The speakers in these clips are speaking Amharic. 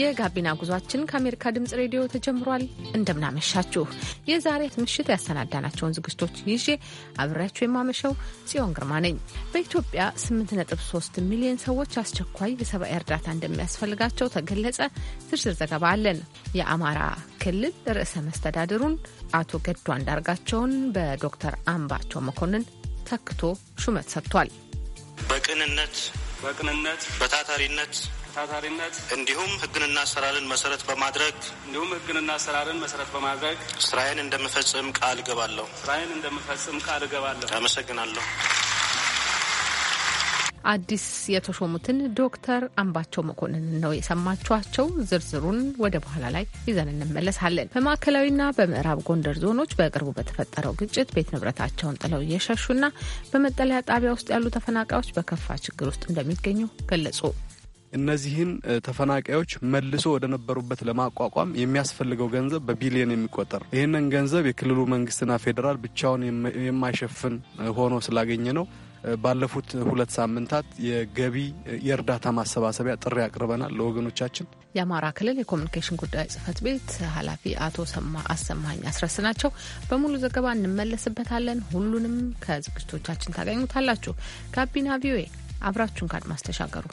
የጋቢና ጉዟችን ከአሜሪካ ድምጽ ሬዲዮ ተጀምሯል። እንደምናመሻችሁ የዛሬ ምሽት ያሰናዳናቸውን ዝግጅቶች ይዤ አብሬያችሁ የማመሸው ጽዮን ግርማ ነኝ። በኢትዮጵያ 8.3 ሚሊዮን ሰዎች አስቸኳይ የሰብአዊ እርዳታ እንደሚያስፈልጋቸው ተገለጸ። ዝርዝር ዘገባ አለን። የአማራ ክልል ርዕሰ መስተዳድሩን አቶ ገዱ አንዳርጋቸውን በዶክተር አምባቸው መኮንን ተክቶ ሹመት ሰጥቷል። በቅንነት በቅንነት በታታሪነት ታታሪነት እንዲሁም ህግንና አሰራርን መሰረት በማድረግ እንዲሁም ህግንና አሰራርን መሰረት በማድረግ ስራዬን እንደምፈጽም ቃል እገባለሁ ስራዬን እንደምፈጽም ቃል እገባለሁ። አመሰግናለሁ። አዲስ የተሾሙትን ዶክተር አምባቸው መኮንን ነው የሰማችኋቸው። ዝርዝሩን ወደ በኋላ ላይ ይዘን እንመለሳለን። በማዕከላዊና በምዕራብ ጎንደር ዞኖች በቅርቡ በተፈጠረው ግጭት ቤት ንብረታቸውን ጥለው እየሸሹና በመጠለያ ጣቢያ ውስጥ ያሉ ተፈናቃዮች በከፋ ችግር ውስጥ እንደሚገኙ ገለጹ። እነዚህን ተፈናቃዮች መልሶ ወደ ነበሩበት ለማቋቋም የሚያስፈልገው ገንዘብ በቢሊዮን የሚቆጠር ይህንን ገንዘብ የክልሉ መንግስትና ፌዴራል ብቻውን የማይሸፍን ሆኖ ስላገኘ ነው። ባለፉት ሁለት ሳምንታት የገቢ የእርዳታ ማሰባሰቢያ ጥሪ አቅርበናል ለወገኖቻችን። የአማራ ክልል የኮሚኒኬሽን ጉዳይ ጽህፈት ቤት ኃላፊ አቶ ሰማ አሰማኝ አስረስ ናቸው። በሙሉ ዘገባ እንመለስበታለን። ሁሉንም ከዝግጅቶቻችን ታገኙታላችሁ። ጋቢና ቪዮኤ አብራችሁን ካድማስ ተሻገሩ።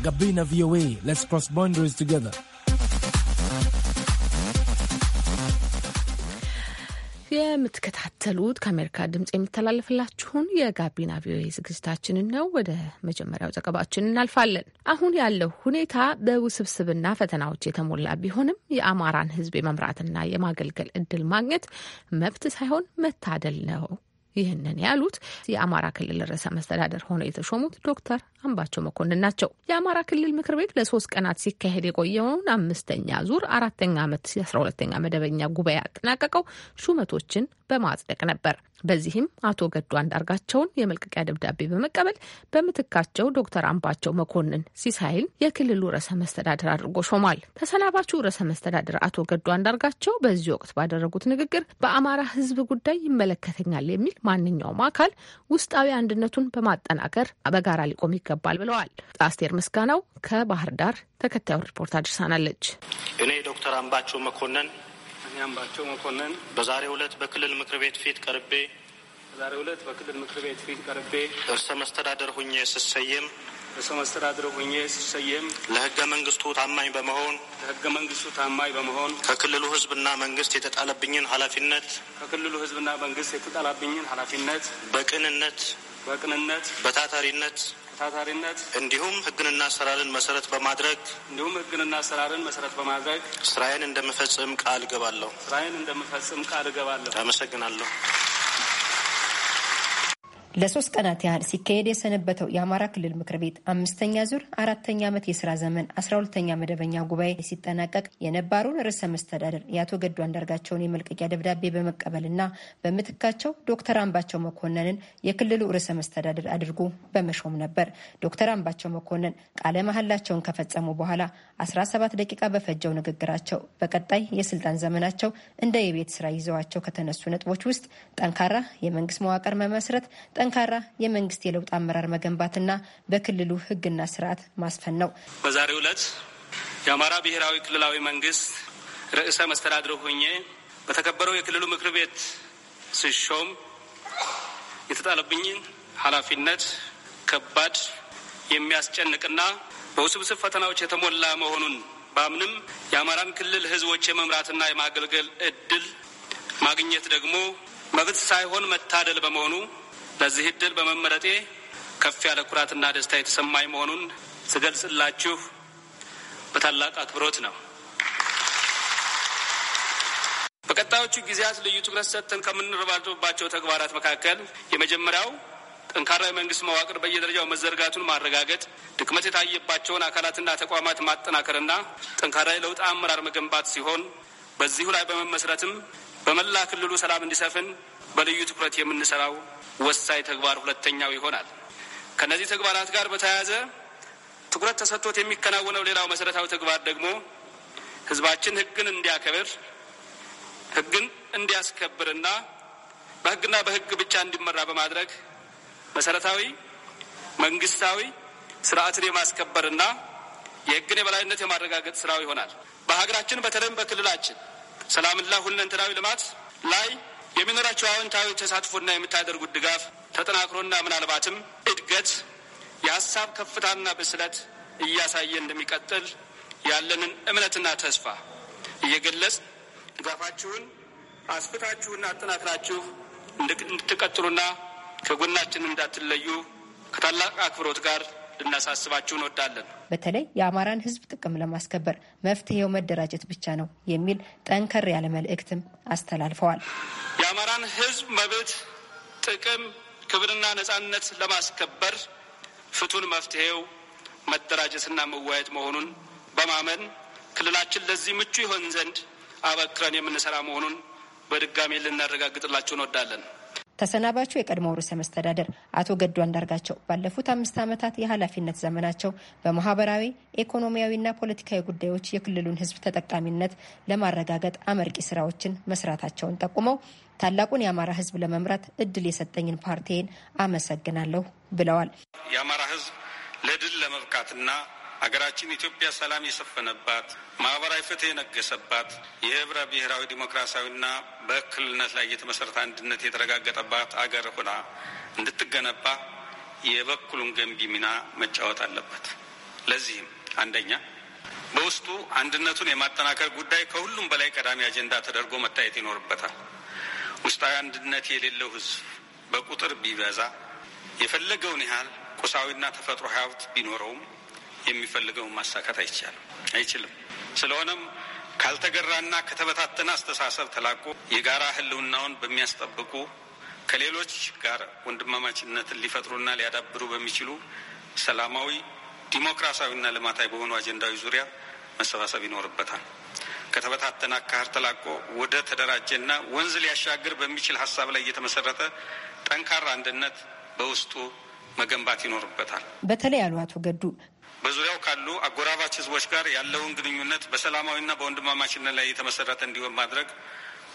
Gabina VOA. Let's cross boundaries together. የምትከታተሉት ከአሜሪካ ድምጽ የሚተላለፍላችሁን የጋቢና ቪኦኤ ዝግጅታችንን ነው። ወደ መጀመሪያው ዘገባችን እናልፋለን። አሁን ያለው ሁኔታ በውስብስብና ፈተናዎች የተሞላ ቢሆንም የአማራን ሕዝብ የመምራትና የማገልገል እድል ማግኘት መብት ሳይሆን መታደል ነው ይህንን ያሉት የአማራ ክልል ርዕሰ መስተዳደር ሆነው የተሾሙት ዶክተር አምባቸው መኮንን ናቸው። የአማራ ክልል ምክር ቤት ለሶስት ቀናት ሲካሄድ የቆየውን አምስተኛ ዙር አራተኛ ዓመት የአስራ ሁለተኛ መደበኛ ጉባኤ አጠናቀቀው ሹመቶችን በማጽደቅ ነበር። በዚህም አቶ ገዱ አንዳርጋቸውን የመልቀቂያ ደብዳቤ በመቀበል በምትካቸው ዶክተር አምባቸው መኮንን ሲሳይን የክልሉ ርዕሰ መስተዳድር አድርጎ ሾሟል። ተሰናባቹ ርዕሰ መስተዳድር አቶ ገዱ አንዳርጋቸው በዚህ ወቅት ባደረጉት ንግግር በአማራ ሕዝብ ጉዳይ ይመለከተኛል የሚል ማንኛውም አካል ውስጣዊ አንድነቱን በማጠናከር በጋራ ሊቆም ይገባል ብለዋል። አስቴር ምስጋናው ከባህር ዳር ተከታዩ ሪፖርት አድርሳናለች። እኔ ዶክተር አምባቸው መኮንን ያምባቸው መኮንን በዛሬው ዕለት በክልል ምክር ቤት ፊት ቀርቤ በዛሬው ዕለት በክልል ምክር ቤት ፊት ቀርቤ እርሰ መስተዳደር ሁኜ ስሰየም እርሰ መስተዳድር ሁኜ ስሰየም ለህገ መንግስቱ ታማኝ በመሆን ለህገ መንግስቱ ታማኝ በመሆን ከክልሉ ህዝብና መንግስት የተጣለብኝን ኃላፊነት ከክልሉ ህዝብና መንግስት የተጣለብኝን ኃላፊነት በቅንነት በቅንነት በታታሪነት ታታሪነት እንዲሁም ህግንና አሰራርን መሰረት በማድረግ እንዲሁም ህግንና አሰራርን መሰረት በማድረግ ስራዬን እንደምፈጽም ቃል እገባለሁ። ስራዬን እንደምፈጽም ቃል እገባለሁ። አመሰግናለሁ። ለሶስት ቀናት ያህል ሲካሄድ የሰነበተው የአማራ ክልል ምክር ቤት አምስተኛ ዙር አራተኛ ዓመት የስራ ዘመን አስራ ሁለተኛ መደበኛ ጉባኤ ሲጠናቀቅ የነባሩን ርዕሰ መስተዳደር የአቶ ገዱ አንዳርጋቸውን የመልቀቂያ ደብዳቤ በመቀበልና በምትካቸው ዶክተር አምባቸው መኮንንን የክልሉ ርዕሰ መስተዳደር አድርጎ በመሾም ነበር። ዶክተር አምባቸው መኮንን ቃለ መሐላቸውን ከፈጸሙ በኋላ 17 ደቂቃ በፈጀው ንግግራቸው በቀጣይ የስልጣን ዘመናቸው እንደ የቤት ስራ ይዘዋቸው ከተነሱ ነጥቦች ውስጥ ጠንካራ የመንግስት መዋቅር መመስረት ጠንካራ የመንግስት የለውጥ አመራር መገንባትና በክልሉ ህግና ስርዓት ማስፈን ነው። በዛሬው ዕለት የአማራ ብሔራዊ ክልላዊ መንግስት ርዕሰ መስተዳድር ሆኜ በተከበረው የክልሉ ምክር ቤት ስሾም የተጣለብኝን ኃላፊነት ከባድ የሚያስጨንቅና በውስብስብ ፈተናዎች የተሞላ መሆኑን በአምንም የአማራን ክልል ህዝቦች የመምራትና የማገልገል እድል ማግኘት ደግሞ መብት ሳይሆን መታደል በመሆኑ ለዚህ እድል በመመረጤ ከፍ ያለ ኩራትና ደስታ የተሰማኝ መሆኑን ስገልጽላችሁ በታላቅ አክብሮት ነው። በቀጣዮቹ ጊዜያት ልዩ ትኩረት ሰጥተን ከምንረባረብባቸው ተግባራት መካከል የመጀመሪያው ጠንካራ የመንግስት መዋቅር በየደረጃው መዘርጋቱን ማረጋገጥ፣ ድክመት የታየባቸውን አካላትና ተቋማት ማጠናከርና ጠንካራ የለውጥ አመራር መገንባት ሲሆን በዚሁ ላይ በመመስረትም በመላ ክልሉ ሰላም እንዲሰፍን በልዩ ትኩረት የምንሰራው ወሳኝ ተግባር ሁለተኛው ይሆናል። ከነዚህ ተግባራት ጋር በተያያዘ ትኩረት ተሰጥቶት የሚከናወነው ሌላው መሰረታዊ ተግባር ደግሞ ህዝባችን ህግን እንዲያከብር ህግን እንዲያስከብርና በህግና በህግ ብቻ እንዲመራ በማድረግ መሰረታዊ መንግስታዊ ስርዓትን የማስከበርና የህግን የበላይነት የማረጋገጥ ስራው ይሆናል። በሀገራችን በተለይም በክልላችን ሰላምና ሁለንተናዊ ልማት ላይ የሚኖራቸው አዎንታዊ ተሳትፎና የምታደርጉት ድጋፍ ተጠናክሮና ምናልባትም እድገት የሀሳብ ከፍታና ብስለት እያሳየ እንደሚቀጥል ያለንን እምነትና ተስፋ እየገለጽ ድጋፋችሁን አስፍታችሁና አጠናክራችሁ እንድትቀጥሉና ከጎናችን እንዳትለዩ ከታላቅ አክብሮት ጋር ልናሳስባችሁ እንወዳለን። በተለይ የአማራን ህዝብ ጥቅም ለማስከበር መፍትሄው መደራጀት ብቻ ነው የሚል ጠንከር ያለ መልእክትም አስተላልፈዋል። የአማራን ህዝብ መብት፣ ጥቅም፣ ክብርና ነጻነት ለማስከበር ፍቱን መፍትሄው መደራጀትና መዋየት መሆኑን በማመን ክልላችን ለዚህ ምቹ ይሆን ዘንድ አበክረን የምንሰራ መሆኑን በድጋሚ ልናረጋግጥላችሁ እንወዳለን። ተሰናባቹ የቀድሞው ርዕሰ መስተዳደር አቶ ገዱ አንዳርጋቸው ባለፉት አምስት ዓመታት የኃላፊነት ዘመናቸው በማህበራዊ ኢኮኖሚያዊና ፖለቲካዊ ጉዳዮች የክልሉን ሕዝብ ተጠቃሚነት ለማረጋገጥ አመርቂ ስራዎችን መስራታቸውን ጠቁመው ታላቁን የአማራ ሕዝብ ለመምራት እድል የሰጠኝን ፓርቲን አመሰግናለሁ ብለዋል። የአማራ ሕዝብ ለድል ለመብቃትና ሀገራችን ኢትዮጵያ ሰላም የሰፈነባት ማህበራዊ ፍትህ የነገሰባት የህብረ ብሔራዊ ዲሞክራሲያዊና በእክልነት ላይ የተመሰረተ አንድነት የተረጋገጠባት አገር ሆና እንድትገነባ የበኩሉን ገንቢ ሚና መጫወት አለበት። ለዚህም አንደኛ በውስጡ አንድነቱን የማጠናከር ጉዳይ ከሁሉም በላይ ቀዳሚ አጀንዳ ተደርጎ መታየት ይኖርበታል። ውስጣዊ አንድነት የሌለው ህዝብ በቁጥር ቢበዛ የፈለገውን ያህል ቁሳዊና ተፈጥሮ ሀብት ቢኖረውም የሚፈልገውን ማሳካት አይቻልም አይችልም። ስለሆነም ካልተገራና ከተበታተነ አስተሳሰብ ተላቆ የጋራ ህልውናውን በሚያስጠብቁ ከሌሎች ጋር ወንድማማችነትን ሊፈጥሩና ሊያዳብሩ በሚችሉ ሰላማዊ ዲሞክራሲያዊና ልማታዊ በሆኑ አጀንዳዊ ዙሪያ መሰባሰብ ይኖርበታል። ከተበታተነ አካህር ተላቆ ወደ ተደራጀና ወንዝ ሊያሻግር በሚችል ሀሳብ ላይ እየተመሰረተ ጠንካራ አንድነት በውስጡ መገንባት ይኖርበታል። በተለይ አሉ አቶ ገዱ በዙሪያው ካሉ አጎራባች ህዝቦች ጋር ያለውን ግንኙነት በሰላማዊና በወንድማማችነት ላይ የተመሰረተ እንዲሆን ማድረግ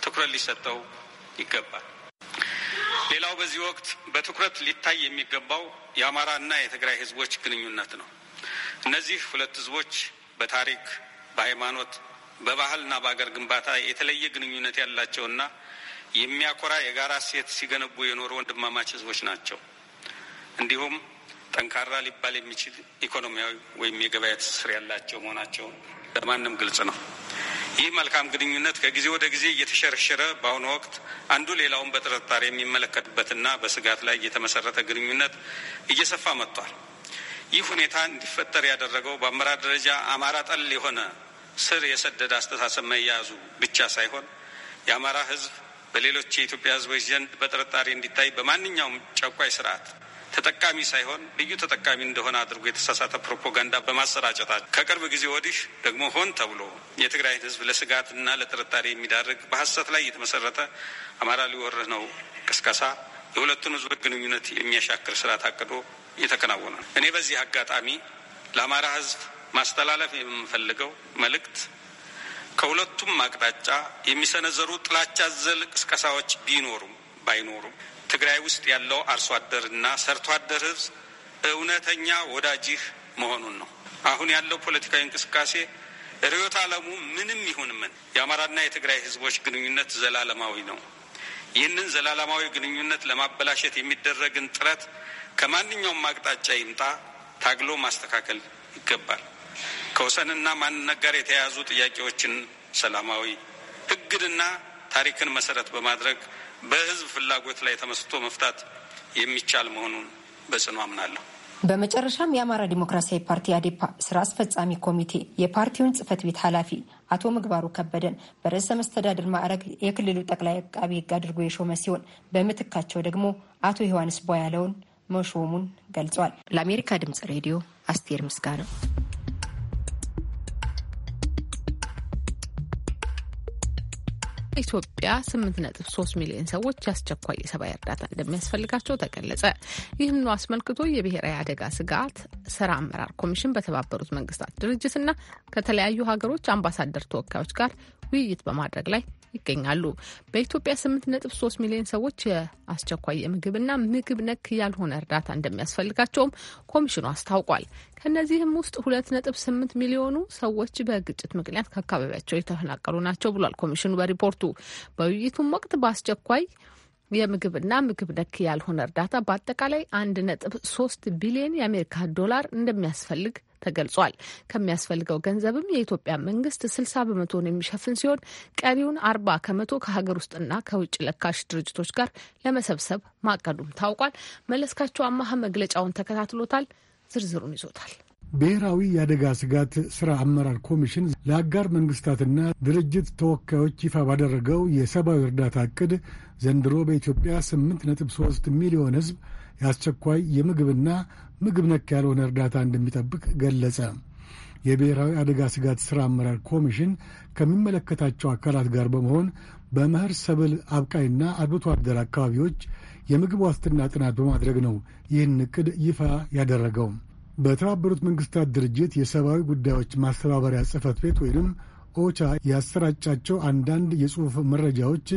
ትኩረት ሊሰጠው ይገባል። ሌላው በዚህ ወቅት በትኩረት ሊታይ የሚገባው የአማራና የትግራይ ህዝቦች ግንኙነት ነው። እነዚህ ሁለት ህዝቦች በታሪክ፣ በሃይማኖት፣ በባህልና በአገር ግንባታ የተለየ ግንኙነት ያላቸውና የሚያኮራ የጋራ ሴት ሲገነቡ የኖሩ ወንድማማች ህዝቦች ናቸው። እንዲሁም ጠንካራ ሊባል የሚችል ኢኮኖሚያዊ ወይም የገበያ ትስስር ያላቸው መሆናቸውን ለማንም ግልጽ ነው። ይህ መልካም ግንኙነት ከጊዜ ወደ ጊዜ እየተሸረሸረ በአሁኑ ወቅት አንዱ ሌላውን በጥርጣሬ የሚመለከትበትና በስጋት ላይ የተመሰረተ ግንኙነት እየሰፋ መጥቷል። ይህ ሁኔታ እንዲፈጠር ያደረገው በአመራር ደረጃ አማራ ጠል የሆነ ስር የሰደደ አስተሳሰብ መያዙ ብቻ ሳይሆን የአማራ ሕዝብ በሌሎች የኢትዮጵያ ሕዝቦች ዘንድ በጥርጣሬ እንዲታይ በማንኛውም ጨቋይ ስርዓት ተጠቃሚ ሳይሆን ልዩ ተጠቃሚ እንደሆነ አድርጎ የተሳሳተ ፕሮፓጋንዳ በማሰራጨታቸው ከቅርብ ጊዜ ወዲህ ደግሞ ሆን ተብሎ የትግራይ ህዝብ ለስጋትና ለጥርጣሬ የሚዳርግ በሀሰት ላይ የተመሰረተ አማራ ሊወርህ ነው ቅስቀሳ የሁለቱን ህዝብ ግንኙነት የሚያሻክር ስራ ታቅዶ እየተከናወነ ነው። እኔ በዚህ አጋጣሚ ለአማራ ህዝብ ማስተላለፍ የምፈልገው መልእክት ከሁለቱም አቅጣጫ የሚሰነዘሩ ጥላቻ ዘል ቅስቀሳዎች ቢኖሩም ባይኖሩም ትግራይ ውስጥ ያለው አርሶ አደርና ሰርቶ አደር ህዝብ እውነተኛ ወዳጅህ መሆኑን ነው። አሁን ያለው ፖለቲካዊ እንቅስቃሴ ርዕዮተ ዓለሙ ምንም ይሁን ምን የአማራና የትግራይ ህዝቦች ግንኙነት ዘላለማዊ ነው። ይህንን ዘላለማዊ ግንኙነት ለማበላሸት የሚደረግን ጥረት ከማንኛውም አቅጣጫ ይምጣ ታግሎ ማስተካከል ይገባል። ከወሰንና ማንነት ጋር የተያያዙ ጥያቄዎችን ሰላማዊ፣ ህግንና ታሪክን መሰረት በማድረግ በህዝብ ፍላጎት ላይ ተመስቶ መፍታት የሚቻል መሆኑን በጽኑ አምናለሁ። በመጨረሻም የአማራ ዲሞክራሲያዊ ፓርቲ አዴፓ ስራ አስፈጻሚ ኮሚቴ የፓርቲውን ጽህፈት ቤት ኃላፊ አቶ ምግባሩ ከበደን በርዕሰ መስተዳድር ማዕረግ የክልሉ ጠቅላይ አቃቢ ህግ አድርጎ የሾመ ሲሆን በምትካቸው ደግሞ አቶ ዮሐንስ ቧያለውን መሾሙን ገልጿል። ለአሜሪካ ድምጽ ሬዲዮ አስቴር ምስጋና ኢትዮጵያ 8.3 ሚሊዮን ሰዎች የአስቸኳይ የሰብአዊ እርዳታ እንደሚያስፈልጋቸው ተገለጸ። ይህም ነው አስመልክቶ የብሔራዊ አደጋ ስጋት ስራ አመራር ኮሚሽን በተባበሩት መንግስታት ድርጅትና ከተለያዩ ሀገሮች አምባሳደር ተወካዮች ጋር ውይይት በማድረግ ላይ ይገኛሉ። በኢትዮጵያ 8.3 ሚሊዮን ሰዎች የአስቸኳይ የምግብና ምግብ ነክ ያልሆነ እርዳታ እንደሚያስፈልጋቸውም ኮሚሽኑ አስታውቋል። ከእነዚህም ውስጥ 2.8 ሚሊዮኑ ሰዎች በግጭት ምክንያት ከአካባቢያቸው የተፈናቀሉ ናቸው ብሏል ኮሚሽኑ በሪፖርቱ። በውይይቱም ወቅት በአስቸኳይ የምግብና ምግብ ነክ ያልሆነ እርዳታ በአጠቃላይ 1.3 ቢሊዮን የአሜሪካ ዶላር እንደሚያስፈልግ ተገልጿል። ከሚያስፈልገው ገንዘብም የኢትዮጵያ መንግስት ስልሳ በመቶን የሚሸፍን ሲሆን ቀሪውን አርባ ከመቶ ከሀገር ውስጥና ከውጭ ለካሽ ድርጅቶች ጋር ለመሰብሰብ ማቀዱም ታውቋል። መለስካቸው አማሀ መግለጫውን ተከታትሎታል፣ ዝርዝሩን ይዞታል። ብሔራዊ የአደጋ ስጋት ሥራ አመራር ኮሚሽን ለአጋር መንግሥታትና ድርጅት ተወካዮች ይፋ ባደረገው የሰብአዊ እርዳታ ዕቅድ ዘንድሮ በኢትዮጵያ 8.3 ሚሊዮን ሕዝብ የአስቸኳይ የምግብና ምግብ ነክ ያልሆነ እርዳታ እንደሚጠብቅ ገለጸ። የብሔራዊ አደጋ ስጋት ሥራ አመራር ኮሚሽን ከሚመለከታቸው አካላት ጋር በመሆን በመኸር ሰብል አብቃይና አርብቶ አደር አካባቢዎች የምግብ ዋስትና ጥናት በማድረግ ነው ይህን እቅድ ይፋ ያደረገው። በተባበሩት መንግስታት ድርጅት የሰብአዊ ጉዳዮች ማስተባበሪያ ጽሕፈት ቤት ወይም ኦቻ ያሰራጫቸው አንዳንድ የጽሑፍ መረጃዎች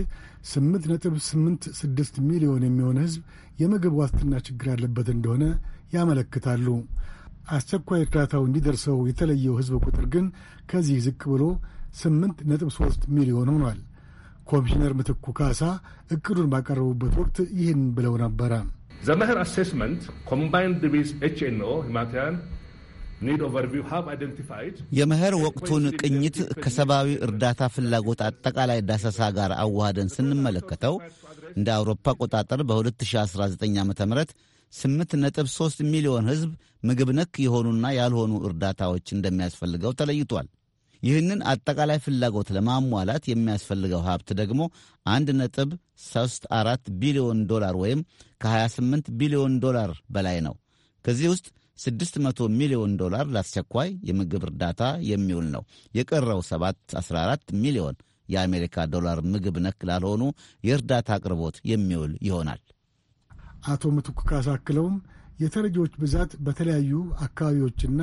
ስምንት ነጥብ ስምንት ስድስት ሚሊዮን የሚሆን ህዝብ የምግብ ዋስትና ችግር ያለበት እንደሆነ ያመለክታሉ። አስቸኳይ እርዳታው እንዲደርሰው የተለየው ህዝብ ቁጥር ግን ከዚህ ዝቅ ብሎ ስምንት ነጥብ ሚሊዮን ሆኗል። ኮሚሽነር ምትኩ ካሳ እቅዱን ባቀረቡበት ወቅት ይህን ብለው ነበረ ዘመህር አሴስመንት ኮምባይንድ ዊዝ ኤችኤንኦ የመኸር ወቅቱን ቅኝት ከሰብአዊ እርዳታ ፍላጎት አጠቃላይ ዳሰሳ ጋር አዋህደን ስንመለከተው እንደ አውሮፓ አቆጣጠር በ2019 ዓ ም 8.3 ሚሊዮን ሕዝብ ምግብ ነክ የሆኑና ያልሆኑ እርዳታዎች እንደሚያስፈልገው ተለይቷል። ይህንን አጠቃላይ ፍላጎት ለማሟላት የሚያስፈልገው ሀብት ደግሞ 1.34 ቢሊዮን ዶላር ወይም ከ28 ቢሊዮን ዶላር በላይ ነው። ከዚህ ውስጥ 600 ሚሊዮን ዶላር ለአስቸኳይ የምግብ እርዳታ የሚውል ነው። የቀረው 714 ሚሊዮን የአሜሪካ ዶላር ምግብ ነክ ላልሆኑ የእርዳታ አቅርቦት የሚውል ይሆናል። አቶ ምትኩ ካሳ አክለውም የተረጂዎች ብዛት በተለያዩ አካባቢዎችና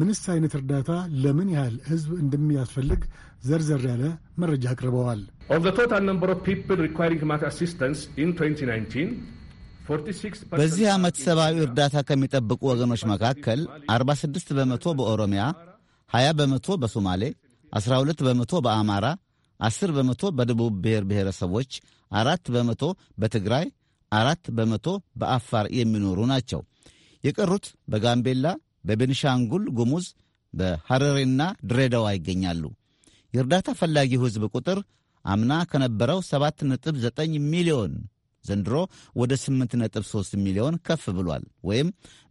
ምንስ አይነት እርዳታ ለምን ያህል ሕዝብ እንደሚያስፈልግ ዘርዘር ያለ መረጃ አቅርበዋል። ኦፍ ቶታል ነምበር ኦፍ ፒፕል ኢን 2019 በዚህ ዓመት ሰብአዊ እርዳታ ከሚጠብቁ ወገኖች መካከል 46 በመቶ በኦሮሚያ፣ 20 በመቶ በሶማሌ፣ 12 በመቶ በአማራ፣ 10 በመቶ በደቡብ ብሔር ብሔረሰቦች፣ አራት በመቶ በትግራይ፣ አራት በመቶ በአፋር የሚኖሩ ናቸው። የቀሩት በጋምቤላ፣ በቤንሻንጉል ጉሙዝ፣ በሐረሬና ድሬዳዋ ይገኛሉ። የእርዳታ ፈላጊው ሕዝብ ቁጥር አምና ከነበረው 7.9 ሚሊዮን ዘንድሮ ወደ 8.3 ሚሊዮን ከፍ ብሏል ወይም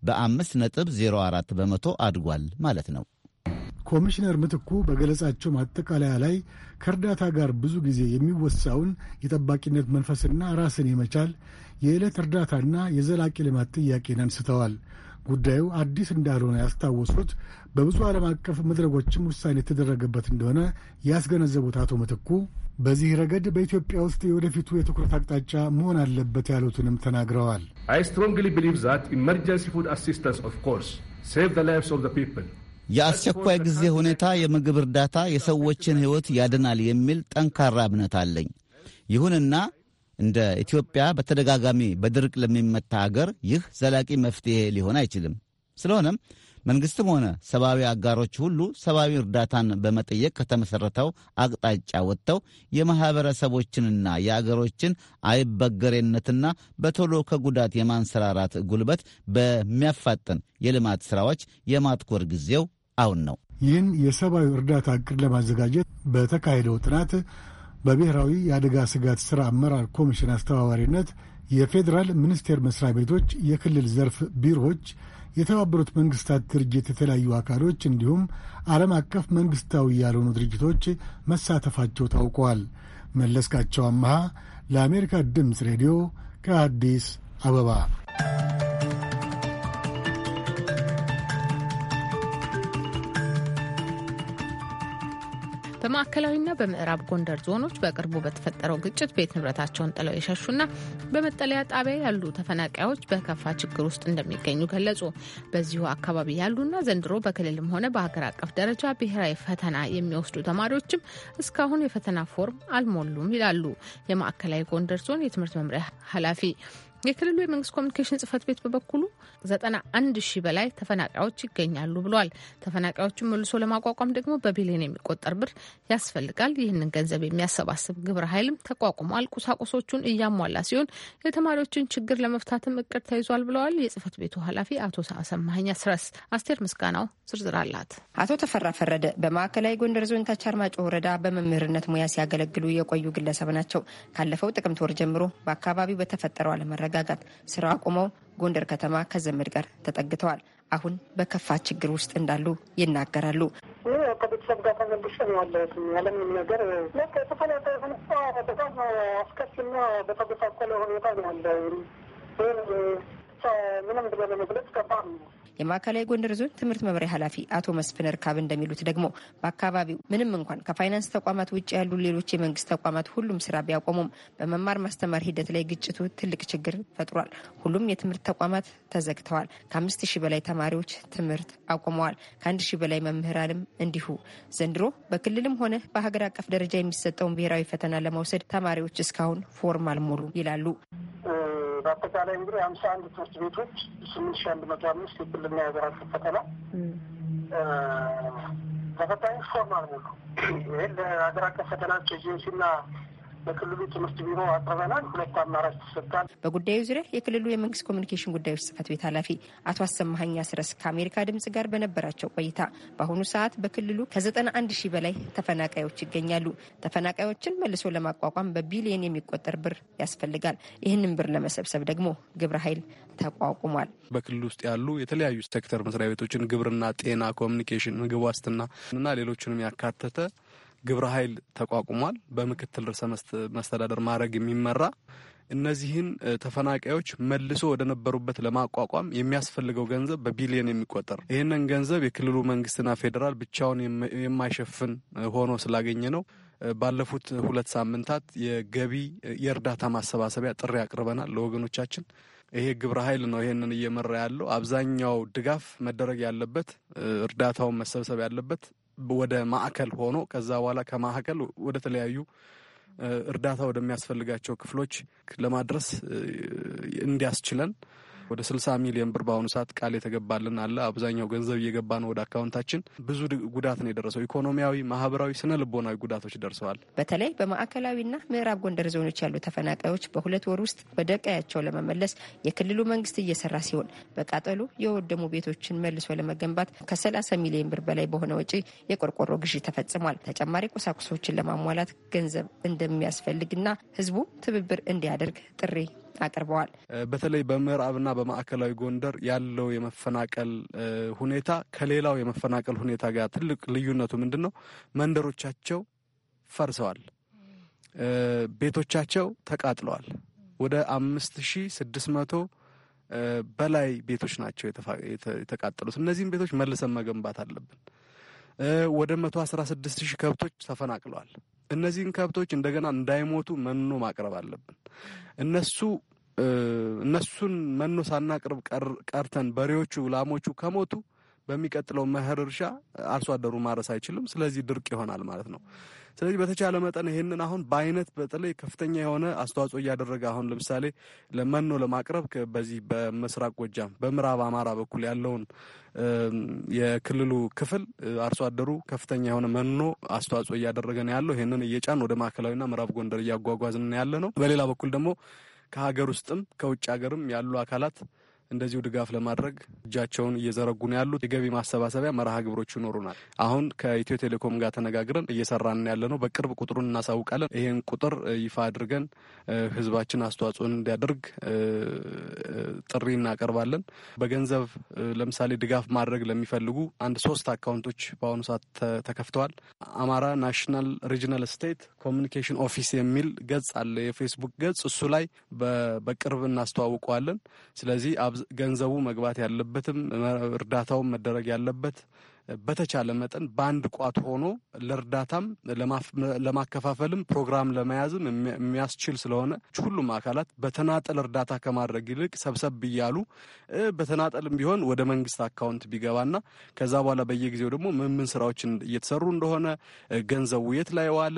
በ5.04 በመቶ አድጓል ማለት ነው። ኮሚሽነር ምትኩ በገለጻቸው ማጠቃለያ ላይ ከእርዳታ ጋር ብዙ ጊዜ የሚወሳውን የጠባቂነት መንፈስና ራስን የመቻል የዕለት እርዳታና የዘላቂ ልማት ጥያቄን አንስተዋል። ጉዳዩ አዲስ እንዳልሆነ ያስታወሱት በብዙ ዓለም አቀፍ መድረኮችም ውሳኔ የተደረገበት እንደሆነ ያስገነዘቡት አቶ ምትኩ በዚህ ረገድ በኢትዮጵያ ውስጥ የወደፊቱ የትኩረት አቅጣጫ መሆን አለበት ያሉትንም ተናግረዋል። አይ ስትሮንግሊ ቢሊቭ ዛት ኢመርጀንሲ ፉድ አሲስታንስ ኦፍ ኮርስ ሴቭ ዘ ላይቭስ ኦፍ ዘ ፒፕል የአስቸኳይ ጊዜ ሁኔታ የምግብ እርዳታ የሰዎችን ሕይወት ያድናል የሚል ጠንካራ እምነት አለኝ። ይሁንና እንደ ኢትዮጵያ በተደጋጋሚ በድርቅ ለሚመታ አገር ይህ ዘላቂ መፍትሔ ሊሆን አይችልም። ስለሆነም መንግሥትም ሆነ ሰብአዊ አጋሮች ሁሉ ሰብአዊ እርዳታን በመጠየቅ ከተመሠረተው አቅጣጫ ወጥተው የማኅበረሰቦችንና የአገሮችን አይበገሬነትና በቶሎ ከጉዳት የማንሰራራት ጉልበት በሚያፋጥን የልማት ሥራዎች የማትኮር ጊዜው አሁን ነው። ይህን የሰብአዊ እርዳታ እቅድ ለማዘጋጀት በተካሄደው ጥናት በብሔራዊ የአደጋ ስጋት ሥራ አመራር ኮሚሽን አስተባባሪነት የፌዴራል ሚኒስቴር መስሪያ ቤቶች፣ የክልል ዘርፍ ቢሮዎች፣ የተባበሩት መንግስታት ድርጅት የተለያዩ አካሎች እንዲሁም ዓለም አቀፍ መንግስታዊ ያልሆኑ ድርጅቶች መሳተፋቸው ታውቀዋል። መለስካቸው አመሃ ለአሜሪካ ድምፅ ሬዲዮ ከአዲስ አበባ በማዕከላዊና በምዕራብ ጎንደር ዞኖች በቅርቡ በተፈጠረው ግጭት ቤት ንብረታቸውን ጥለው የሸሹና በመጠለያ ጣቢያ ያሉ ተፈናቃዮች በከፋ ችግር ውስጥ እንደሚገኙ ገለጹ። በዚሁ አካባቢ ያሉና ዘንድሮ በክልልም ሆነ በሀገር አቀፍ ደረጃ ብሔራዊ ፈተና የሚወስዱ ተማሪዎችም እስካሁን የፈተና ፎርም አልሞሉም ይላሉ የማዕከላዊ ጎንደር ዞን የትምህርት መምሪያ ኃላፊ የክልሉ የመንግስት ኮሚኒኬሽን ጽህፈት ቤት በበኩሉ ዘጠና አንድ ሺህ በላይ ተፈናቃዮች ይገኛሉ ብሏል። ተፈናቃዮቹን መልሶ ለማቋቋም ደግሞ በቢሊዮን የሚቆጠር ብር ያስፈልጋል። ይህንን ገንዘብ የሚያሰባስብ ግብረ ኃይልም ተቋቁሟል። ቁሳቁሶቹን እያሟላ ሲሆን የተማሪዎችን ችግር ለመፍታትም እቅድ ተይዟል ብለዋል። የጽህፈት ቤቱ ኃላፊ አቶ አሰማኸኝ ስረስ። አስቴር ምስጋናው ዝርዝር አላት። አቶ ተፈራ ፈረደ በማዕከላዊ ጎንደር ዞን ታች አርማጮ ወረዳ በመምህርነት ሙያ ሲያገለግሉ የቆዩ ግለሰብ ናቸው። ካለፈው ጥቅምት ወር ጀምሮ በአካባቢው በተፈጠረው አለመረጋ ለማረጋጋት ስራ አቁመው ጎንደር ከተማ ከዘመድ ጋር ተጠግተዋል። አሁን በከፋ ችግር ውስጥ እንዳሉ ይናገራሉ። ከቤተሰብ ጋር ተመልሼ ነው ያለሁት። ያለምንም ነገር በጣም አስከፊና በተጎሳቆለ ሁኔታ ነው ያለ ምንም ለመግለጽ ከባድ ነው። የማዕከላዊ ጎንደር ዞን ትምህርት መምሪያ ኃላፊ አቶ መስፍን እርካብ እንደሚሉት ደግሞ በአካባቢው ምንም እንኳን ከፋይናንስ ተቋማት ውጭ ያሉ ሌሎች የመንግስት ተቋማት ሁሉም ስራ ቢያቆሙም በመማር ማስተማር ሂደት ላይ ግጭቱ ትልቅ ችግር ፈጥሯል። ሁሉም የትምህርት ተቋማት ተዘግተዋል። ከአምስት ሺህ በላይ ተማሪዎች ትምህርት አቁመዋል። ከአንድ ሺህ በላይ መምህራንም እንዲሁ። ዘንድሮ በክልልም ሆነ በሀገር አቀፍ ደረጃ የሚሰጠውን ብሔራዊ ፈተና ለመውሰድ ተማሪዎች እስካሁን ፎርም አልሞሉም ይላሉ። በአጠቃላይ እንግዲህ ሀምሳ አንድ ትምህርት ቤቶች ስምንት ሺ አንድ መቶ አምስት የክልልና የሀገር አቀፍ ፈተና ተፈታኞች ፎርማል ሙሉ ይህ ለሀገር አቀፍ ፈተናዎች ኤጀንሲና በክልሉ ትምህርት ቢሮ አቅርበናል። ሁለት አማራጭ ተሰጥቷል። በጉዳዩ ዙሪያ የክልሉ የመንግስት ኮሚኒኬሽን ጉዳዮች ጽህፈት ቤት ኃላፊ አቶ አሰማሀኝ አስረስ ከአሜሪካ ድምጽ ጋር በነበራቸው ቆይታ በአሁኑ ሰዓት በክልሉ ከዘጠና አንድ ሺህ በላይ ተፈናቃዮች ይገኛሉ። ተፈናቃዮችን መልሶ ለማቋቋም በቢሊየን የሚቆጠር ብር ያስፈልጋል። ይህንን ብር ለመሰብሰብ ደግሞ ግብረ ኃይል ተቋቁሟል። በክልል ውስጥ ያሉ የተለያዩ ሴክተር መስሪያ ቤቶችን ግብርና፣ ጤና፣ ኮሚኒኬሽን፣ ምግብ ዋስትና እና ሌሎችንም ያካተተ ግብረ ኃይል ተቋቁሟል። በምክትል ርዕሰ መስተዳደር ማድረግ የሚመራ እነዚህን ተፈናቃዮች መልሶ ወደ ነበሩበት ለማቋቋም የሚያስፈልገው ገንዘብ በቢሊዮን የሚቆጠር ይህንን ገንዘብ የክልሉ መንግስትና ፌዴራል ብቻውን የማይሸፍን ሆኖ ስላገኘ ነው። ባለፉት ሁለት ሳምንታት የገቢ የእርዳታ ማሰባሰቢያ ጥሪ አቅርበናል ለወገኖቻችን። ይሄ ግብረ ኃይል ነው ይሄንን እየመራ ያለው። አብዛኛው ድጋፍ መደረግ ያለበት እርዳታውን መሰብሰብ ያለበት ወደ ማዕከል ሆኖ ከዛ በኋላ ከማዕከል ወደ ተለያዩ እርዳታ ወደሚያስፈልጋቸው ክፍሎች ለማድረስ እንዲያስችለን ወደ 60 ሚሊዮን ብር በአሁኑ ሰዓት ቃል የተገባልን አለ። አብዛኛው ገንዘብ እየገባ ነው ወደ አካውንታችን። ብዙ ጉዳት ነው የደረሰው። ኢኮኖሚያዊ፣ ማህበራዊ፣ ስነ ልቦናዊ ጉዳቶች ደርሰዋል። በተለይ በማዕከላዊና ምዕራብ ጎንደር ዞኖች ያሉ ተፈናቃዮች በሁለት ወር ውስጥ ወደ ቀያቸው ለመመለስ የክልሉ መንግስት እየሰራ ሲሆን በቃጠሎ የወደሙ ቤቶችን መልሶ ለመገንባት ከ30 ሚሊዮን ብር በላይ በሆነ ወጪ የቆርቆሮ ግዢ ተፈጽሟል። ተጨማሪ ቁሳቁሶችን ለማሟላት ገንዘብ እንደሚያስፈልግና ህዝቡ ትብብር እንዲያደርግ ጥሪ አቅርበዋል። በተለይ በምዕራብና በማዕከላዊ ጎንደር ያለው የመፈናቀል ሁኔታ ከሌላው የመፈናቀል ሁኔታ ጋር ትልቅ ልዩነቱ ምንድን ነው? መንደሮቻቸው ፈርሰዋል። ቤቶቻቸው ተቃጥለዋል። ወደ አምስት ሺ ስድስት መቶ በላይ ቤቶች ናቸው የተቃጠሉት። እነዚህም ቤቶች መልሰን መገንባት አለብን። ወደ መቶ አስራ ስድስት ሺህ ከብቶች ተፈናቅለዋል። እነዚህን ከብቶች እንደገና እንዳይሞቱ መኖ ማቅረብ አለብን። እነሱ እነሱን መኖ ሳናቅርብ ቀርተን በሬዎቹ፣ ላሞቹ ከሞቱ በሚቀጥለው መኸር እርሻ አርሶ አደሩ ማረስ አይችልም። ስለዚህ ድርቅ ይሆናል ማለት ነው። ስለዚህ በተቻለ መጠን ይህንን አሁን በአይነት በተለይ ከፍተኛ የሆነ አስተዋጽኦ እያደረገ አሁን ለምሳሌ ለመኖ ለማቅረብ በዚህ በምስራቅ ጎጃም በምዕራብ አማራ በኩል ያለውን የክልሉ ክፍል አርሶ አደሩ ከፍተኛ የሆነ መኖ አስተዋጽኦ እያደረገ ነው ያለው። ይህንን እየጫን ወደ ማዕከላዊና ምዕራብ ጎንደር እያጓጓዝን ያለ ነው። በሌላ በኩል ደግሞ ከሀገር ውስጥም ከውጭ ሀገርም ያሉ አካላት እንደዚሁ ድጋፍ ለማድረግ እጃቸውን እየዘረጉ ነው ያሉት። የገቢ ማሰባሰቢያ መርሃ ግብሮች ይኖሩናል። አሁን ከኢትዮ ቴሌኮም ጋር ተነጋግረን እየሰራን ያለ ነው። በቅርብ ቁጥሩን እናሳውቃለን። ይህን ቁጥር ይፋ አድርገን ህዝባችን አስተዋጽኦን እንዲያደርግ ጥሪ እናቀርባለን። በገንዘብ ለምሳሌ ድጋፍ ማድረግ ለሚፈልጉ አንድ ሶስት አካውንቶች በአሁኑ ሰዓት ተከፍተዋል። አማራ ናሽናል ሪጅናል ስቴት ኮሚኒኬሽን ኦፊስ የሚል ገጽ አለ፣ የፌስቡክ ገጽ። እሱ ላይ በቅርብ እናስተዋውቀዋለን። ስለዚህ ገንዘቡ መግባት ያለበትም እርዳታውም መደረግ ያለበት በተቻለ መጠን በአንድ ቋት ሆኖ ለእርዳታም ለማከፋፈልም ፕሮግራም ለመያዝም የሚያስችል ስለሆነ ሁሉም አካላት በተናጠል እርዳታ ከማድረግ ይልቅ ሰብሰብ እያሉ በተናጠልም ቢሆን ወደ መንግስት አካውንት ቢገባና ከዛ በኋላ በየጊዜው ደግሞ ምን ምን ስራዎች እየተሰሩ እንደሆነ ገንዘቡ የት ላይ ዋለ፣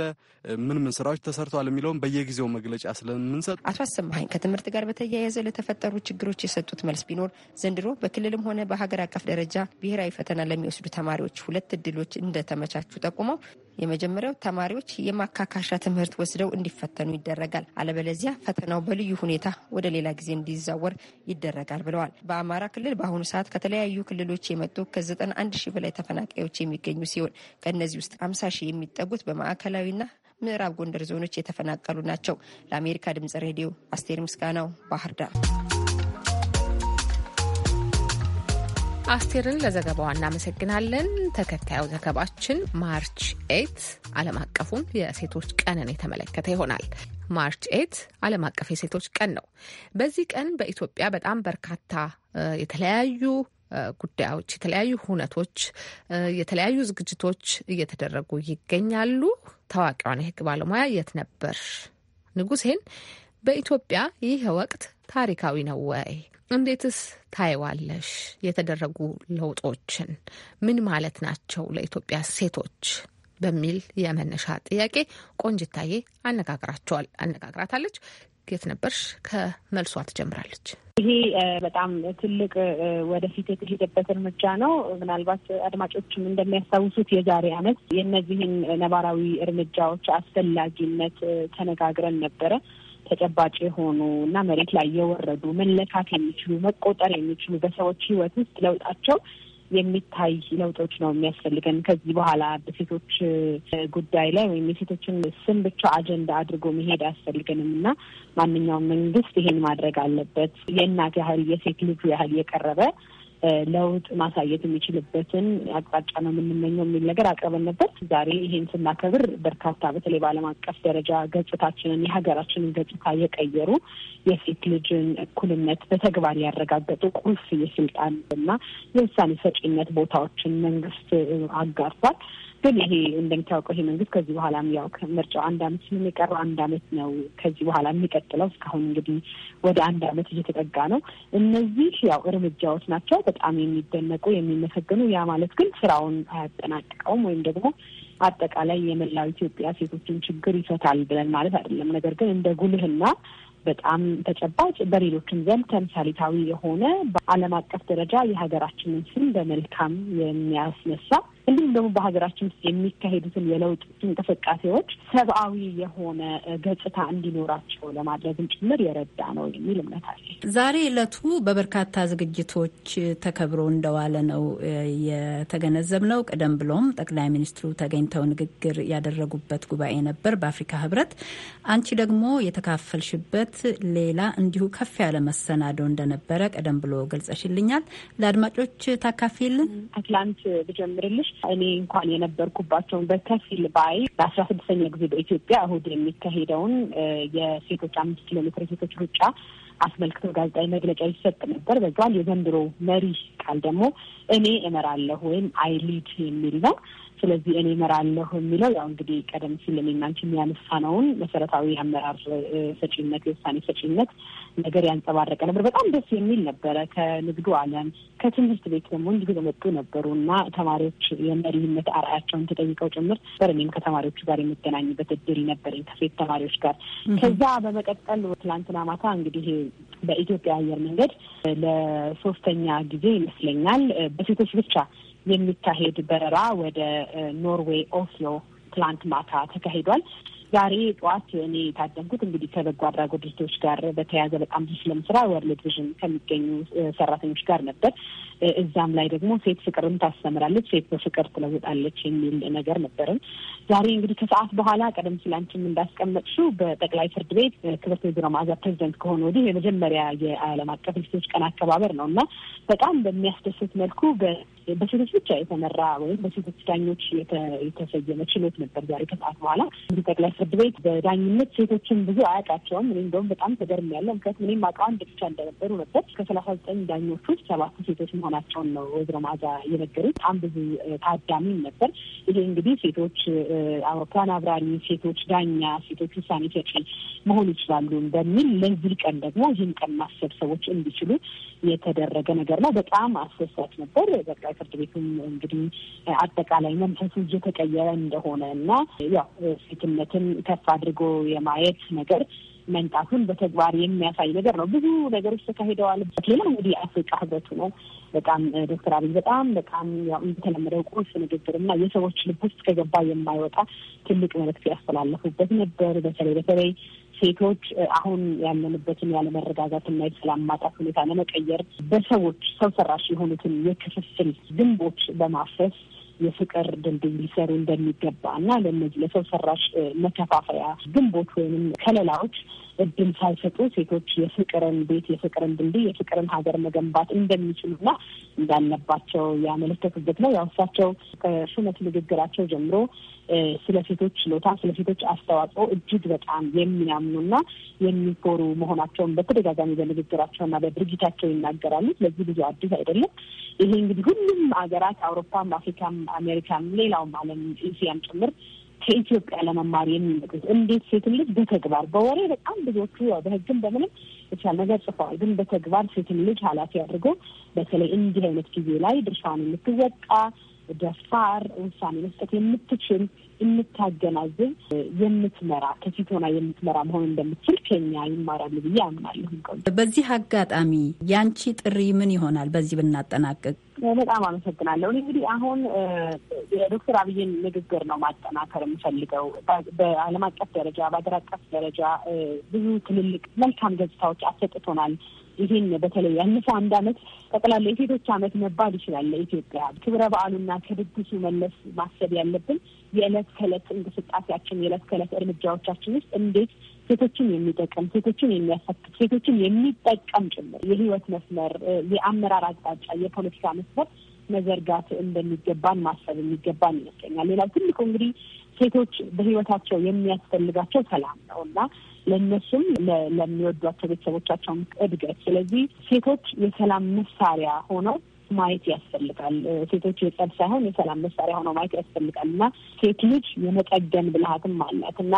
ምን ምን ስራዎች ተሰርተዋል የሚለውን በየጊዜው መግለጫ ስለምንሰጥ አቶ አሰማሀኝ ከትምህርት ጋር በተያያዘ ለተፈጠሩ ችግሮች የሰጡት መልስ ቢኖር ዘንድሮ በክልልም ሆነ በሀገር አቀፍ ደረጃ ብሔራዊ ፈተና ለሚወስዱት ለተማሪዎች ሁለት እድሎች እንደተመቻቹ ጠቁመው የመጀመሪያው ተማሪዎች የማካካሻ ትምህርት ወስደው እንዲፈተኑ ይደረጋል። አለበለዚያ ፈተናው በልዩ ሁኔታ ወደ ሌላ ጊዜ እንዲዛወር ይደረጋል ብለዋል። በአማራ ክልል በአሁኑ ሰዓት ከተለያዩ ክልሎች የመጡ ከዘጠና አንድ ሺህ በላይ ተፈናቃዮች የሚገኙ ሲሆን ከእነዚህ ውስጥ አምሳ ሺህ የሚጠጉት በማዕከላዊና ምዕራብ ጎንደር ዞኖች የተፈናቀሉ ናቸው። ለአሜሪካ ድምጽ ሬዲዮ አስቴር ምስጋናው ባህር ዳር አስቴርን ለዘገባዋ እናመሰግናለን። ተከታዩ ዘገባችን ማርች ኤት ዓለም አቀፉን የሴቶች ቀንን የተመለከተ ይሆናል። ማርች ኤት ዓለም አቀፍ የሴቶች ቀን ነው። በዚህ ቀን በኢትዮጵያ በጣም በርካታ የተለያዩ ጉዳዮች፣ የተለያዩ ሁነቶች፣ የተለያዩ ዝግጅቶች እየተደረጉ ይገኛሉ። ታዋቂዋን የሕግ ባለሙያ የት ነበር ንጉሴን በኢትዮጵያ ይህ ወቅት ታሪካዊ ነው ወይ? እንዴትስ ታይዋለሽ? የተደረጉ ለውጦችን ምን ማለት ናቸው ለኢትዮጵያ ሴቶች በሚል የመነሻ ጥያቄ ቆንጅታዬ አነጋግራቸዋል አነጋግራታለች። ጌት ነበርሽ? ከመልሷ ትጀምራለች። ይሄ በጣም ትልቅ ወደፊት የተሄደበት እርምጃ ነው። ምናልባት አድማጮችም እንደሚያስታውሱት የዛሬ ዓመት የእነዚህን ነባራዊ እርምጃዎች አስፈላጊነት ተነጋግረን ነበረ። ተጨባጭ የሆኑ እና መሬት ላይ የወረዱ መለካት የሚችሉ መቆጠር የሚችሉ በሰዎች ህይወት ውስጥ ለውጣቸው የሚታይ ለውጦች ነው የሚያስፈልገን። ከዚህ በኋላ በሴቶች ጉዳይ ላይ ወይም የሴቶችን ስም ብቻ አጀንዳ አድርጎ መሄድ አያስፈልገንም እና ማንኛውም መንግስት ይሄን ማድረግ አለበት። የእናት ያህል የሴት ልጁ ያህል የቀረበ ለውጥ ማሳየት የሚችልበትን አቅጣጫ ነው የምንመኘው የሚል ነገር አቅርበን ነበር። ዛሬ ይህን ስናከብር በርካታ በተለይ በዓለም አቀፍ ደረጃ ገጽታችንን የሀገራችንን ገጽታ የቀየሩ የሴት ልጅን እኩልነት በተግባር ያረጋገጡ ቁልፍ የስልጣን እና የውሳኔ ሰጪነት ቦታዎችን መንግስት አጋርቷል። ግን ይሄ እንደሚታወቀው ይሄ መንግስት ከዚህ በኋላም ያው ከምርጫው አንድ አመት ስለሚቀረው አንድ አመት ነው ከዚህ በኋላ የሚቀጥለው። እስካሁን እንግዲህ ወደ አንድ አመት እየተጠጋ ነው። እነዚህ ያው እርምጃዎች ናቸው በጣም የሚደነቁ የሚመሰገኑ። ያ ማለት ግን ስራውን አያጠናቅቀውም ወይም ደግሞ አጠቃላይ የመላው ኢትዮጵያ ሴቶችን ችግር ይፈታል ብለን ማለት አይደለም። ነገር ግን እንደ ጉልህና በጣም ተጨባጭ በሌሎችም ዘንድ ተምሳሌታዊ የሆነ በዓለም አቀፍ ደረጃ የሀገራችንን ስም በመልካም የሚያስነሳ እንዲህ ደግሞ በሀገራችን ውስጥ የሚካሄዱትን የለውጥ እንቅስቃሴዎች ሰብአዊ የሆነ ገጽታ እንዲኖራቸው ለማድረግም ጭምር የረዳ ነው የሚል እምነት አለ። ዛሬ እለቱ በበርካታ ዝግጅቶች ተከብሮ እንደዋለ ነው የተገነዘብ ነው። ቀደም ብሎም ጠቅላይ ሚኒስትሩ ተገኝተው ንግግር ያደረጉበት ጉባኤ ነበር በአፍሪካ ህብረት። አንቺ ደግሞ የተካፈልሽበት ሌላ እንዲሁ ከፍ ያለ መሰናዶ እንደነበረ ቀደም ብሎ ገልጸሽልኛል። ለአድማጮች ታካፊልን። አትላንት ብጀምርልሽ እኔ እኔ እንኳን የነበርኩባቸውን በከፊል ባይ ለአስራ ስድስተኛ ጊዜ በኢትዮጵያ እሁድ የሚካሄደውን የሴቶች አምስት ኪሎ ሜትር የሴቶች ሩጫ አስመልክቶ ጋዜጣዊ መግለጫ ይሰጥ ነበር። በዛም የዘንድሮ መሪ ቃል ደግሞ እኔ እመራለሁ ወይም አይሊድ የሚል ነው። ስለዚህ እኔ እመራለሁ የሚለው ያው እንግዲህ ቀደም ሲል ለሚናንች ነውን መሰረታዊ የአመራር ሰጪነት፣ የውሳኔ ሰጪነት ነገር ያንጸባረቀ ነበር። በጣም ደስ የሚል ነበረ። ከንግዱ ዓለም ከትምህርት ቤት ደግሞ እንዲ የመጡ ነበሩ እና ተማሪዎች የመሪነት አርአያቸውን ተጠይቀው ጭምር ነበር። እኔም ከተማሪዎቹ ጋር የምገናኝበት እድል ነበረኝ ከሴት ተማሪዎች ጋር። ከዛ በመቀጠል ትላንትና ማታ እንግዲህ በኢትዮጵያ አየር መንገድ ለሶስተኛ ጊዜ ይመስለኛል በሴቶች ብቻ የሚካሄድ በረራ ወደ ኖርዌይ ኦስሎ ትላንት ማታ ተካሂዷል። ዛሬ ጠዋት እኔ የታደምኩት እንግዲህ ከበጎ አድራጎት ድርጅቶች ጋር በተያያዘ በጣም ብዙ ስለምስራ ወርልድ ቪዥን ከሚገኙ ሰራተኞች ጋር ነበር። እዛም ላይ ደግሞ ሴት ፍቅርን ታስተምራለች፣ ሴት በፍቅር ትለውጣለች የሚል ነገር ነበርም። ዛሬ እንግዲህ ከሰዓት በኋላ ቀደም ሲል አንቺም እንዳስቀመጥሽው በጠቅላይ ፍርድ ቤት ክብርት ወይዘሮ መዓዛ ፕሬዚደንት ከሆነ ወዲህ የመጀመሪያ የዓለም አቀፍ ሴቶች ቀን አከባበር ነው እና በጣም በሚያስደስት መልኩ በሴቶች ብቻ የተመራ ወይም በሴቶች ዳኞች የተሰየመ ችሎት ነበር ዛሬ ከሰዓት በኋላ። እንግዲህ ጠቅላይ ፍርድ ቤት በዳኝነት ሴቶችን ብዙ አያውቃቸውም። እኔ እንደውም በጣም ተገርሜያለሁ። ምክንያቱም እኔም አውቃ አንድ ብቻ እንደነበሩ ነበር። ከሰላሳ ዘጠኝ ዳኞች ውስጥ ሰባቱ ሴቶች መሆናቸውን ነው ወይዘሮ ማዛ የነገሩት። በጣም ብዙ ታዳሚም ነበር። ይሄ እንግዲህ ሴቶች አውሮፕላን አብራሪ፣ ሴቶች ዳኛ፣ ሴቶች ውሳኔ ሰጪ መሆን ይችላሉ በሚል ለዚህ ቀን ደግሞ ይህን ቀን ማሰብ ሰዎች እንዲችሉ የተደረገ ነገር ነው። በጣም አስደሳች ነበር። ጠቅላይ ፍርድ ቤቱም እንግዲህ አጠቃላይ መንፈሱ እየተቀየረ እንደሆነ እና ያው ሴትነትን ከፍ አድርጎ የማየት ነገር መንጣቱን በተግባር የሚያሳይ ነገር ነው። ብዙ ነገሮች ተካሂደዋል። ሌላ እንግዲህ የአፍሪቃ ህብረቱ ነው በጣም ዶክተር አብይ በጣም በጣም የተለመደው ቁልፍ ንግግር እና የሰዎች ልብ ውስጥ ከገባ የማይወጣ ትልቅ መልዕክት ያስተላለፉበት ነበር። በተለይ በተለይ ሴቶች አሁን ያለንበትን ያለመረጋጋት እና የሰላም ማጣት ሁኔታ ለመቀየር በሰዎች ሰው ሰራሽ የሆኑትን የክፍፍል ግንቦች በማፍረስ የፍቅር ድልድይ ሊሰሩ እንደሚገባ እና ለእነዚህ ለሰው ሰራሽ መከፋፈያ ግንቦች ወይም ከለላዎች እድል ሳይሰጡ ሴቶች የፍቅርን ቤት፣ የፍቅርን ድልድይ፣ የፍቅርን ሀገር መገንባት እንደሚችሉና እንዳለባቸው ያመለከቱበት ነው። ያው እሳቸው ከሹመት ንግግራቸው ጀምሮ ስለ ሴቶች ችሎታ፣ ስለ ሴቶች አስተዋጽኦ እጅግ በጣም የሚያምኑና የሚኮሩ መሆናቸውን በተደጋጋሚ በንግግራቸውና በድርጊታቸው ይናገራሉ። ስለዚህ ብዙ አዲስ አይደለም። ይሄ እንግዲህ ሁሉም ሀገራት አውሮፓም፣ አፍሪካም፣ አሜሪካም ሌላውም ዓለም ኢንሲያም ጭምር ከኢትዮጵያ ለመማር የሚመጡት እንዴት ሴት ልጅ በተግባር በወሬ በጣም ብዙዎቹ በህግም በምንም የተሻለ ነገር ጽፈዋል። ግን በተግባር ሴትን ልጅ ኃላፊ አድርጎ በተለይ እንዲህ አይነት ጊዜ ላይ ድርሻን የምትወጣ ደፋር፣ ውሳኔ መስጠት የምትችል የምታገናዝብ፣ የምትመራ ከፊት ሆና የምትመራ መሆን እንደምትችል ከኛ ይማራሉ ብዬ አምናለሁ። በዚህ አጋጣሚ ያንቺ ጥሪ ምን ይሆናል? በዚህ ብናጠናቅቅ በጣም አመሰግናለሁ። እኔ እንግዲህ አሁን የዶክተር አብይን ንግግር ነው ማጠናከር የምፈልገው። በዓለም አቀፍ ደረጃ በአገር አቀፍ ደረጃ ብዙ ትልልቅ መልካም ገጽታዎች አሰጥቶናል። ይህን በተለይ ያለፈው አንድ አመት ጠቅላላ የሴቶች አመት መባል ይችላል ለኢትዮጵያ። ክብረ በዓሉና ከድግሱ መለስ ማሰብ ያለብን የዕለት ከዕለት እንቅስቃሴያችን የዕለት ከዕለት እርምጃዎቻችን ውስጥ እንዴት ሴቶችን የሚጠቅም ሴቶችን የሚያሳትፍ ሴቶችን የሚጠቀም ጭምር የህይወት መስመር፣ የአመራር አቅጣጫ፣ የፖለቲካ መስመር መዘርጋት እንደሚገባን ማሰብ የሚገባን ይመስለኛል። ሌላው ትልቁ እንግዲህ ሴቶች በህይወታቸው የሚያስፈልጋቸው ሰላም ነው እና ለእነሱም ለሚወዷቸው ቤተሰቦቻቸውም እድገት። ስለዚህ ሴቶች የሰላም መሳሪያ ሆነው ማየት ያስፈልጋል። ሴቶች የጸብ ሳይሆን የሰላም መሳሪያ ሆነው ማየት ያስፈልጋል እና ሴት ልጅ የመጠገን ብልሃትም አላት እና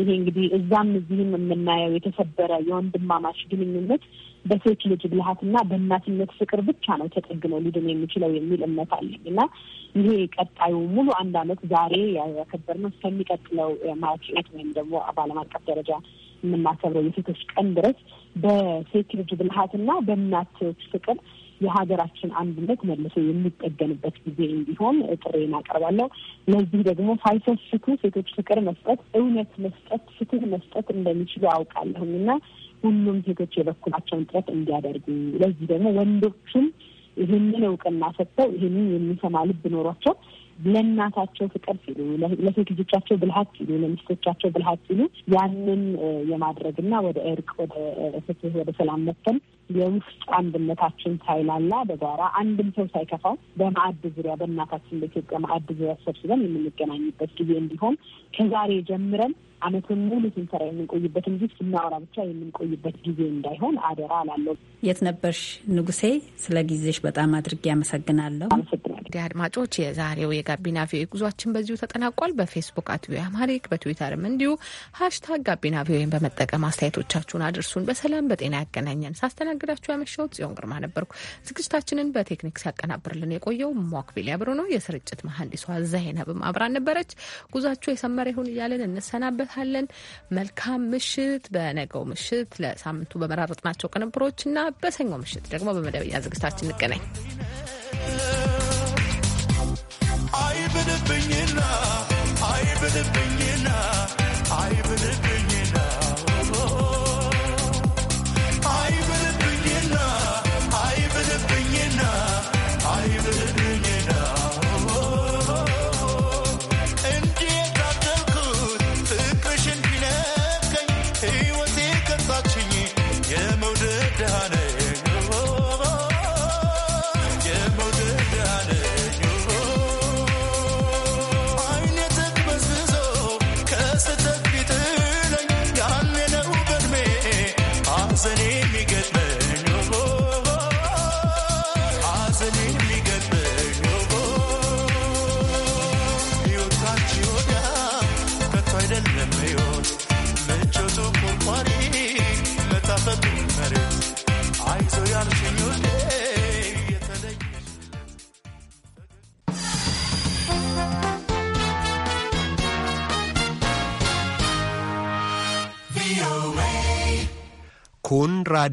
ይሄ እንግዲህ እዛም እዚህም የምናየው የተሰበረ የወንድማማች ግንኙነት በሴት ልጅ ብልሃትና በእናትነት ፍቅር ብቻ ነው ተጠግኖ ሊድን የሚችለው የሚል እምነት አለኝ እና ይሄ ቀጣዩ ሙሉ አንድ አመት ዛሬ ያከበርነው እስከሚቀጥለው ማርች ኤት ወይም ደግሞ በዓለም አቀፍ ደረጃ የምናከብረው የሴቶች ቀን ድረስ በሴት ልጅ ብልሃትና በእናት ፍቅር የሀገራችን አንድነት መልሶ የሚጠገንበት ጊዜ እንዲሆን ጥሪ እናቀርባለሁ። ለዚህ ደግሞ ሳይሰስቱ ሴቶች ፍቅር መስጠት፣ እውነት መስጠት፣ ፍትህ መስጠት እንደሚችሉ አውቃለሁም እና ሁሉም ሴቶች የበኩላቸውን ጥረት እንዲያደርጉ ለዚህ ደግሞ ወንዶችም ይህንን እውቅና ሰጥተው ይህንን የሚሰማ ልብ ኖሯቸው ለእናታቸው ፍቅር ሲሉ ለሴት ልጆቻቸው ብልሀት ሲሉ ለሚስቶቻቸው ብልሀት ሲሉ ያንን የማድረግና ወደ እርቅ፣ ወደ ፍትህ፣ ወደ ሰላም መተን የውስጥ አንድነታችን ሳይላላ በጋራ አንድም ሰው ሳይከፋው በማዕድ ዙሪያ በእናታችን በኢትዮጵያ ማዕድ ዙሪያ ተሰብስበን የምንገናኝበት ጊዜ እንዲሆን ከዛሬ ጀምረን አመቱን ሙሉ ስንሰራ የምንቆይበት እንጂ ስናወራ ብቻ የምንቆይበት ጊዜ እንዳይሆን አደራ አላለሁ። የት ነበርሽ ንጉሴ? ስለ ጊዜሽ በጣም አድርጌ አመሰግናለሁ። አመሰግናለሁ። አድማጮች፣ የዛሬው የጋቢና ቪኦኤ ጉዟችን በዚሁ ተጠናቋል። በፌስቡክ አት ቪኦኤ አማሪክ፣ በትዊተርም እንዲሁ ሀሽታግ ጋቢና ቪኦኤን በመጠቀም አስተያየቶቻችሁን አድርሱን። በሰላም በጤና ያገናኘን ሳስተናግ ሳስተናግዳችሁ ያመሻው ጽዮን ግርማ ነበርኩ። ዝግጅታችንን በቴክኒክ ሲያቀናብርልን የቆየው ሞክቢል ያብሮ ነው። የስርጭት መሀንዲሷ ዘይነብም አብራን ነበረች። ጉዟችሁ የሰመረ ይሁን እያለን እንሰናበታለን። መልካም ምሽት። በነገው ምሽት ለሳምንቱ በመራረጥናቸው ቅንብሮች እና በሰኞ ምሽት ደግሞ በመደበኛ ዝግጅታችን እንገናኝ። አይብልብኝና አይብልብኝና አይብልብ radio.